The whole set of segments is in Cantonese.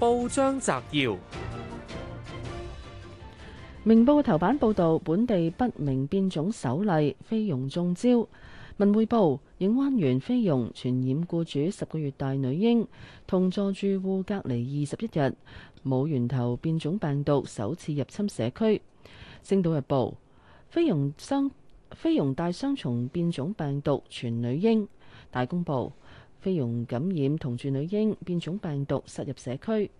報章摘要：明報頭版報道，本地不明變種首例菲傭中招。文匯報：影灣園菲傭傳染僱主十個月大女嬰，同座住戶隔離二十一日，冇源頭變種病毒首次入侵社區。星島日報：菲傭雙菲傭帶雙重變種病毒傳女嬰。大公報：菲傭感染同住女嬰，變種病毒殺入社區。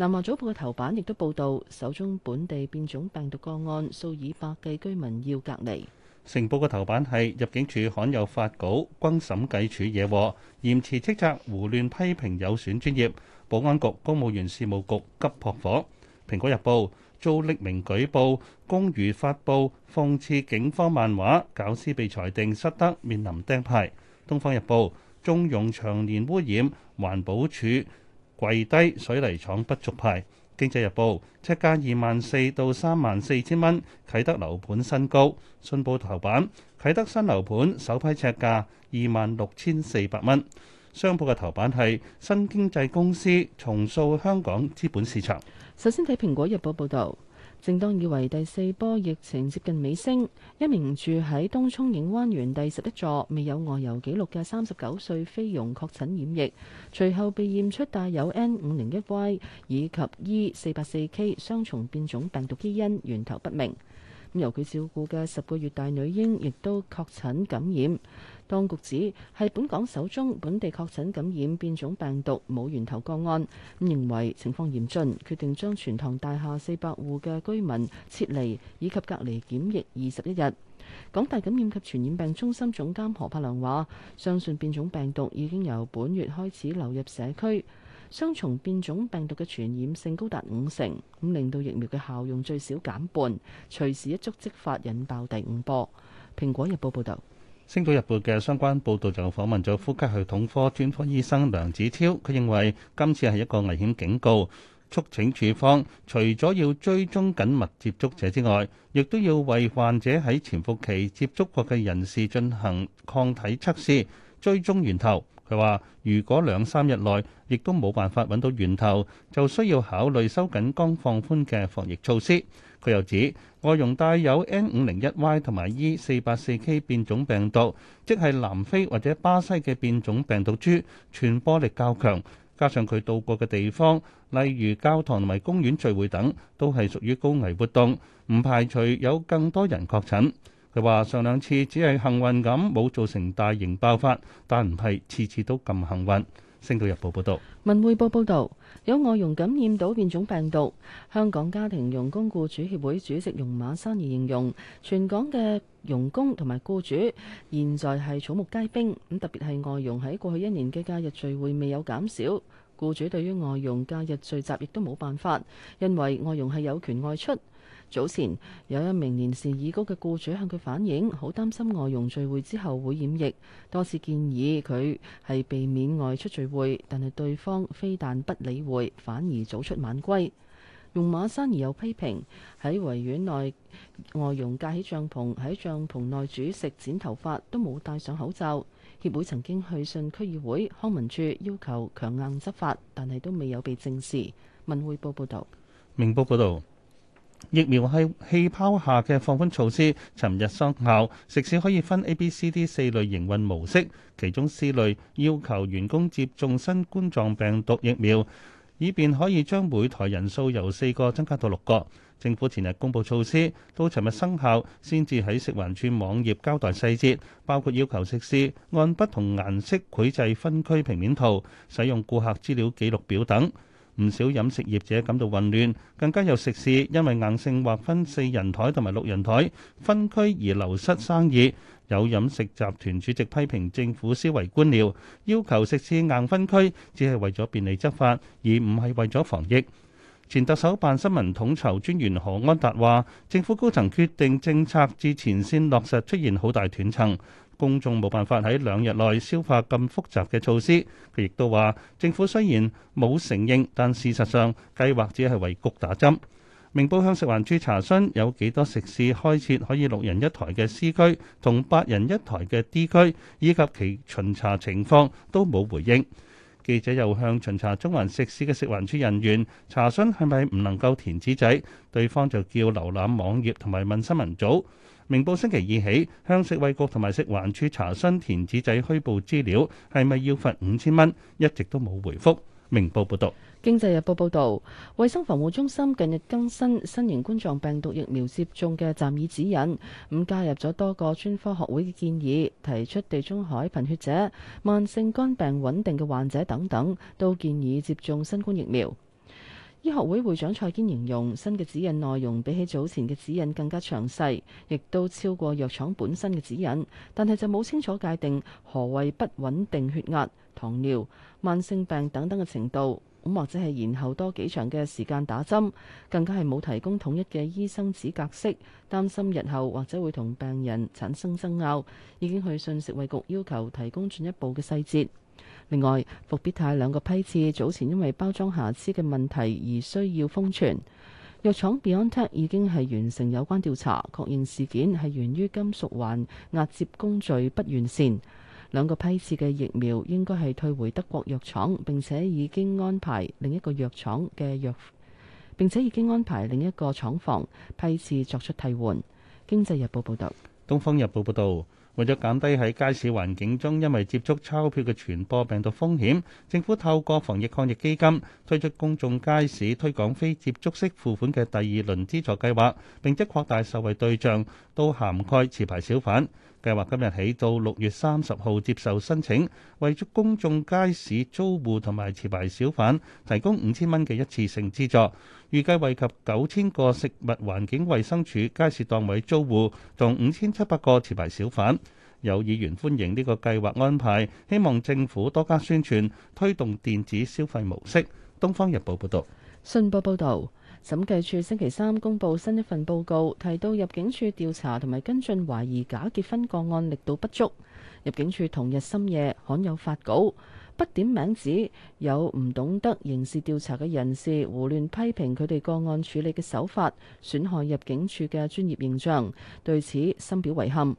南華早報嘅頭版亦都報導，首宗本地變種病毒個案，數以百計居民要隔離。成報嘅頭版係入境處罕有發稿，均審計處惹禍，嚴詞斥責，胡亂批評有損專業，保安局、公務員事務局急撲火。蘋果日報遭匿名舉報，公餘發佈諷刺警方漫畫，教師被裁定失德，面臨釘牌。東方日報縱容長年污染，環保署。跪低水泥廠不續牌，《經濟日報》尺價二萬四到三萬四千蚊，啟德樓盤新高。信報頭版，啟德新樓盤首批尺價二萬六千四百蚊。商報嘅頭版係新經濟公司重塑香港資本市場。首先睇《蘋果日報》報道。正當以為第四波疫情接近尾聲，一名住喺東涌映灣園第十一座、未有外遊記錄嘅三十九歲菲傭確診染疫，隨後被驗出帶有 N 五零一 Y 以及 E 四八四 K 雙重變種病毒基因，源頭不明。咁由佢照顧嘅十個月大女嬰亦都確診感染。當局指係本港首宗本地確診感染變種病毒冇源頭個案，咁認為情況嚴峻，決定將全幢大廈四百戶嘅居民撤離以及隔離檢疫二十一日。港大感染及傳染病中心總監何柏良話，相信變種病毒已經由本月開始流入社區，雙重變種病毒嘅傳染性高達五成，咁令到疫苗嘅效用最少減半，隨時一觸即發引爆第五波。蘋果日報報道。《星島日報》嘅相關報導就訪問咗呼吸系統科專科醫生梁子超，佢認為今次係一個危險警告，促請處方除咗要追蹤緊密接觸者之外，亦都要為患者喺潛伏期接觸過嘅人士進行抗體測試，追蹤源頭。佢話：如果兩三日內亦都冇辦法揾到源頭，就需要考慮收緊剛放寬嘅防疫措施。佢又指，外傭帶有 N 五零一 Y 同埋 E 四八四 K 變種病毒，即係南非或者巴西嘅變種病毒株，傳播力較強。加上佢到過嘅地方，例如教堂同埋公園聚會等，都係屬於高危活動，唔排除有更多人確診。佢話：上兩次只係幸運咁，冇造成大型爆發，但唔係次次都咁幸運。星島日報報道：「文匯報報道，有外傭感染到變種病毒。香港家庭傭工僱主協會主席容馬珊兒形容，全港嘅傭工同埋僱主現在係草木皆兵。咁特別係外傭喺過去一年嘅假日聚會未有減少，僱主對於外傭假日聚集亦都冇辦法，因為外傭係有權外出。早前有一名年事已高嘅僱主向佢反映，好擔心外傭聚會之後會染疫，多次建議佢係避免外出聚會，但係對方非但不理會，反而早出晚歸。用馬山而有批評喺維園內外傭架起帳篷，喺帳篷內煮食、剪頭髮，都冇戴上口罩。協會曾經去信區議會、康文署要求強硬執法，但係都未有被正視。文匯報報道：「明報報導。疫苗係氣泡下嘅放寬措施，尋日生效。食肆可以分 A、B、C、D 四類營運模式，其中 C 類要求員工接種新冠狀病毒疫苗，以便可以將每台人數由四個增加到六個。政府前日公布措施，到尋日生效先至喺食環署網頁交代細節，包括要求食肆按不同顏色繪製分區平面圖，使用顧客資料記錄表等。唔少飲食業者感到混亂，更加有食肆因為硬性劃分四人枱同埋六人枱分區而流失生意。有飲食集團主席批評政府思維官僚，要求食肆硬分區，只係為咗便利執法，而唔係為咗防疫。前特首辦新聞統籌專員何安達話，政府高層決定政策至前線落實，出現好大斷層。公眾冇辦法喺兩日內消化咁複雜嘅措施，佢亦都話政府雖然冇承認，但事實上計劃只係為谷打針。明報向食環署查詢有幾多食肆開設可以六人一台嘅 C 區同八人一台嘅 D 區，以及其巡查情況都冇回應。記者又向巡查中環食肆嘅食環署人員查詢係咪唔能夠填紙仔，對方就叫瀏覽網頁同埋問新聞組。明報星期二起向食衛局同埋食環署查詢填紙仔虛報資料係咪要罰五千蚊，一直都冇回覆。明報報導。經濟日報報導，衞生防護中心近日更新新型冠狀病毒疫苗接種嘅暫擬指引，咁加入咗多個專科學會嘅建議，提出地中海貧血者、慢性肝病穩定嘅患者等等都建議接種新冠疫苗。醫學會會長蔡堅形容新嘅指引內容比起早前嘅指引更加詳細，亦都超過藥廠本身嘅指引，但係就冇清楚界定何為不穩定血壓、糖尿、慢性病等等嘅程度，咁、嗯、或者係延後多幾長嘅時間打針，更加係冇提供統一嘅醫生紙格式，擔心日後或者會同病人產生爭拗，已經去信食衛局要求提供進一步嘅細節。另外，復必泰兩個批次早前因為包裝瑕疵嘅問題而需要封存。藥廠 BioNTech 已經係完成有關調查，確認事件係源於金屬環壓接工序不完善。兩個批次嘅疫苗應該係退回德國藥廠，並且已經安排另一個藥廠嘅藥，並且已經安排另一個廠房批次作出替換。經濟日報報道。東方日報報導。為咗減低喺街市環境中因為接觸鈔票嘅傳播病毒風險，政府透過防疫抗疫基金推出公眾街市推廣非接觸式付款嘅第二輪資助計劃，並且擴大受惠對象，都涵蓋持牌小販。計劃今日起到六月三十號接受申請，為咗公眾街市租戶同埋持牌小販提供五千蚊嘅一次性資助，預計惠及九千個食物環境衞生署街市檔位租戶同五千七百個持牌小販。有議員歡迎呢個計劃安排，希望政府多加宣傳，推動電子消費模式。《東方日報》報道。信報報導。審計署星期三公布新一份報告，提到入境處調查同埋跟進懷疑假結婚個案力度不足。入境處同日深夜罕有發稿，不點名指有唔懂得刑事調查嘅人士胡亂批評佢哋個案處理嘅手法，損害入境處嘅專業形象，對此深表遺憾。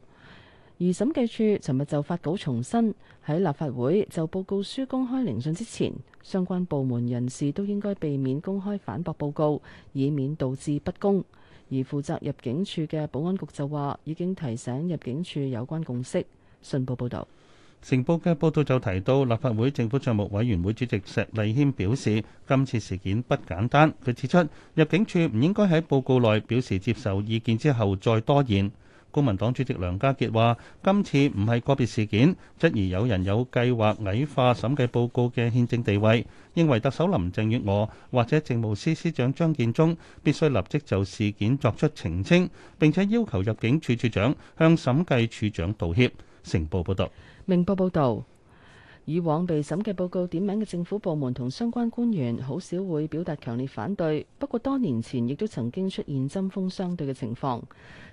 而審計署尋日就發稿重申，喺立法會就報告書公開聆訊之前，相關部門人士都應該避免公開反駁報告，以免導致不公。而負責入境處嘅保安局就話，已經提醒入境處有關共識。信報報道，成報嘅報道就提到，立法會政府帳目委員會主席石禮謙表示，今次事件不簡單。佢指出，入境處唔應該喺報告內表示接受意見之後再多言。公民黨主席梁家傑話：今次唔係個別事件，質疑有人有計劃矮化審計報告嘅憲政地位，認為特首林鄭月娥或者政務司司長張建宗必須立即就事件作出澄清，並且要求入境處處長向審計處長道歉。成報報道，明報報道。以往被審計報告點名嘅政府部門同相關官員好少會表達強烈反對，不過多年前亦都曾經出現針鋒相對嘅情況。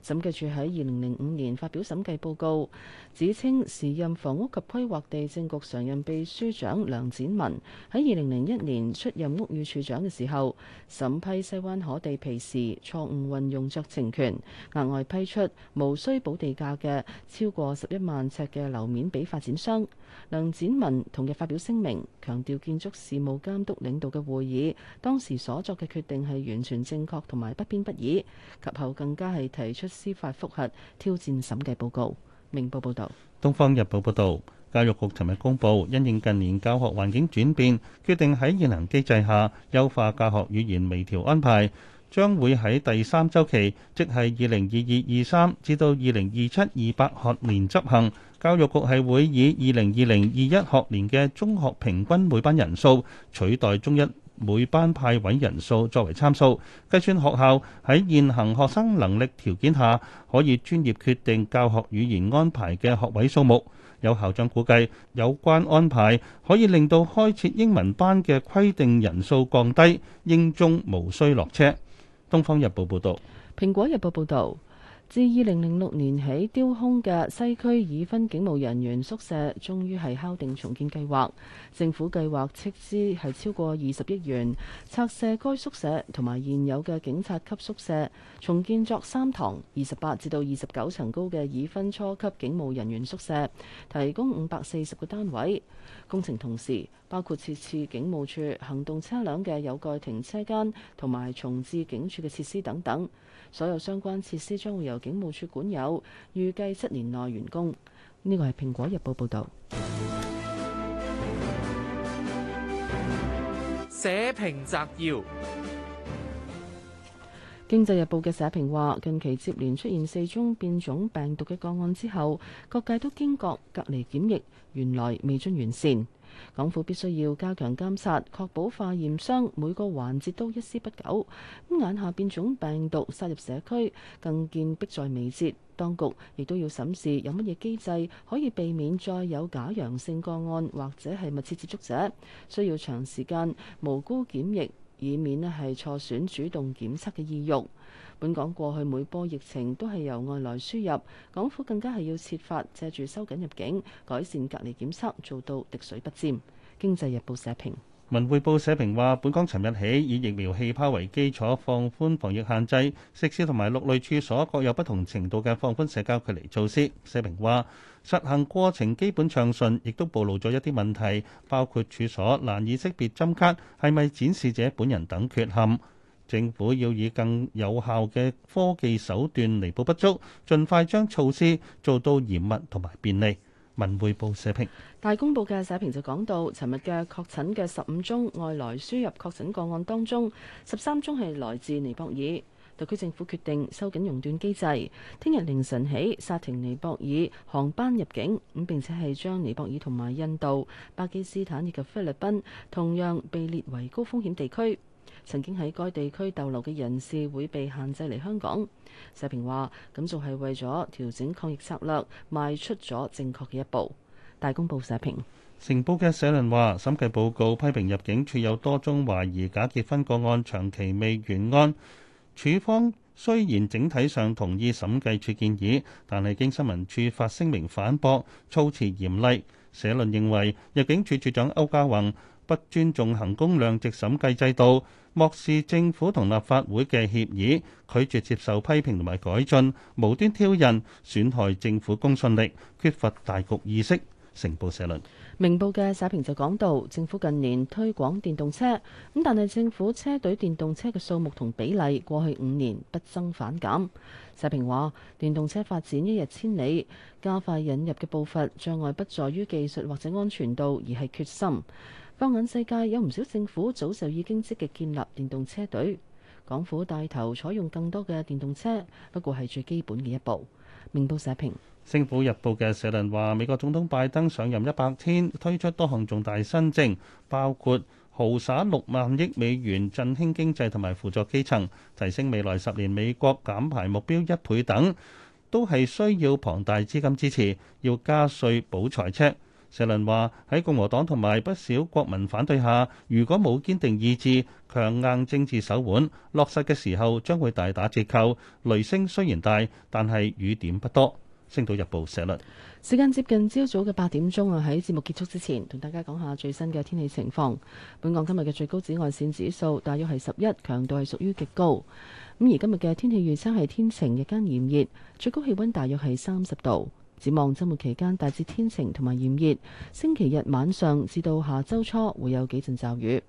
審計處喺二零零五年發表審計報告，指稱時任房屋及規劃地政局常任秘書長梁展文喺二零零一年出任屋宇署長嘅時候，審批西灣河地皮時錯誤運用酌情權額外批出無需補地價嘅超過十一萬尺嘅樓面俾發展商。梁展文。同日發表聲明，強調建築事務監督領導嘅會議當時所作嘅決定係完全正確同埋不偏不倚，及後更加係提出司法覆核挑戰審計報告。明報報導。東方日報報導，教育局尋日公佈，因應近年教學環境轉變，決定喺現行機制下優化教學語言微調安排。將會喺第三週期，即係二零二二二三至到二零二七二八學年執行。教育局係會以二零二零二一學年嘅中學平均每班人數取代中一每班派位人數作為參數，計算學校喺現行學生能力條件下可以專業決定教學語言安排嘅學位數目。有校長估計，有關安排可以令到開設英文班嘅規定人數降低，英中無需落車。東方日報報道，蘋果日報報道。自二零零六年起，丟空嘅西區已婚警務人員宿舍終於係敲定重建計劃。政府計劃斥資係超過二十億元拆卸該宿舍同埋現有嘅警察級宿舍，重建作三堂二十八至到二十九層高嘅已婚初級警務人員宿舍，提供五百四十個單位。工程同時包括設置警務處行動車輛嘅有蓋停車間同埋重置警署嘅設施等等。所有相關設施將會有。警務處管有，預計七年內完工。呢個係《蘋果日報》報道。社評摘要：經濟日報嘅社評話，近期接連出現四宗變種病毒嘅個案之後，各界都驚覺隔離檢疫原來未臻完善。港府必須要加強監察，確保化驗商每個環節都一絲不苟。眼下變種病毒殺入社區，更見迫在眉睫。當局亦都要審視有乜嘢機制可以避免再有假陽性個案，或者係密切接觸者需要長時間無辜檢疫。以免咧係錯選主動檢測嘅意欲。本港過去每波疫情都係由外來輸入，港府更加係要設法借住收緊入境、改善隔離檢測，做到滴水不沾。經濟日報社評。文匯報社評話：本港尋日起以疫苗氣泡為基礎放寬防疫限制，食肆同埋六類處所各有不同程度嘅放寬社交距離措施。社評話實行過程基本暢順，亦都暴露咗一啲問題，包括處所難以識別針卡係咪展示者本人等缺陷。政府要以更有效嘅科技手段彌補不足，盡快將措施做到嚴密同埋便利。文匯報社評。大公報嘅社評就講到，尋日嘅確診嘅十五宗外來輸入確診個案當中，十三宗係來自尼泊爾。特區政府決定收緊熔斷機制，聽日凌晨起煞停尼泊爾航班入境，咁並且係將尼泊爾同埋印度、巴基斯坦以及菲律賓同樣被列為高風險地區。曾經喺該地區逗留嘅人士會被限制嚟香港。社評話：咁仲係為咗調整抗疫策略，邁出咗正確嘅一步。大公報社評，成報嘅社論話：審計報告批評入境處有多宗懷疑假結婚個案，長期未完案。處方雖然整體上同意審計處建議，但係經新聞處發聲明反駁，措辭嚴厲。社論認為入境處處長歐家宏。不尊重衡工量值審計制度，漠視政府同立法會嘅協議，拒絕接受批評同埋改進，無端挑釁，損害政府公信力，缺乏大局意識。成報社論。明報嘅社評就講到，政府近年推廣電動車咁，但係政府車隊電動車嘅數目同比例過去五年不增反減。社評話，電動車發展一日千里，加快引入嘅步伐，障礙不在於技術或者安全度，而係決心。放眼世界，有唔少政府早就已經積極建立電動車隊，港府帶頭採用更多嘅電動車，不過係最基本嘅一步。明報社評，星島日報嘅社論話：美國總統拜登上任一百天，推出多項重大新政，包括豪灑六萬億美元振興經濟同埋輔助基層，提升未來十年美國減排目標一倍等，都係需要龐大資金支持，要加稅補財赤。社論話：喺共和黨同埋不少國民反對下，如果冇堅定意志、強硬政治手腕，落實嘅時候將會大打折扣。雷聲雖然大，但係雨點不多。星島日報社論。時間接近朝早嘅八點鐘啊，喺節目結束之前，同大家講下最新嘅天氣情況。本港今日嘅最高紫外線指數大約係十一，強度係屬於極高。咁而今日嘅天氣預測係天晴，日間炎熱，最高氣温大約係三十度。展望周末期間大致天晴同埋炎熱，星期日晚上至到下周初會有幾陣驟雨。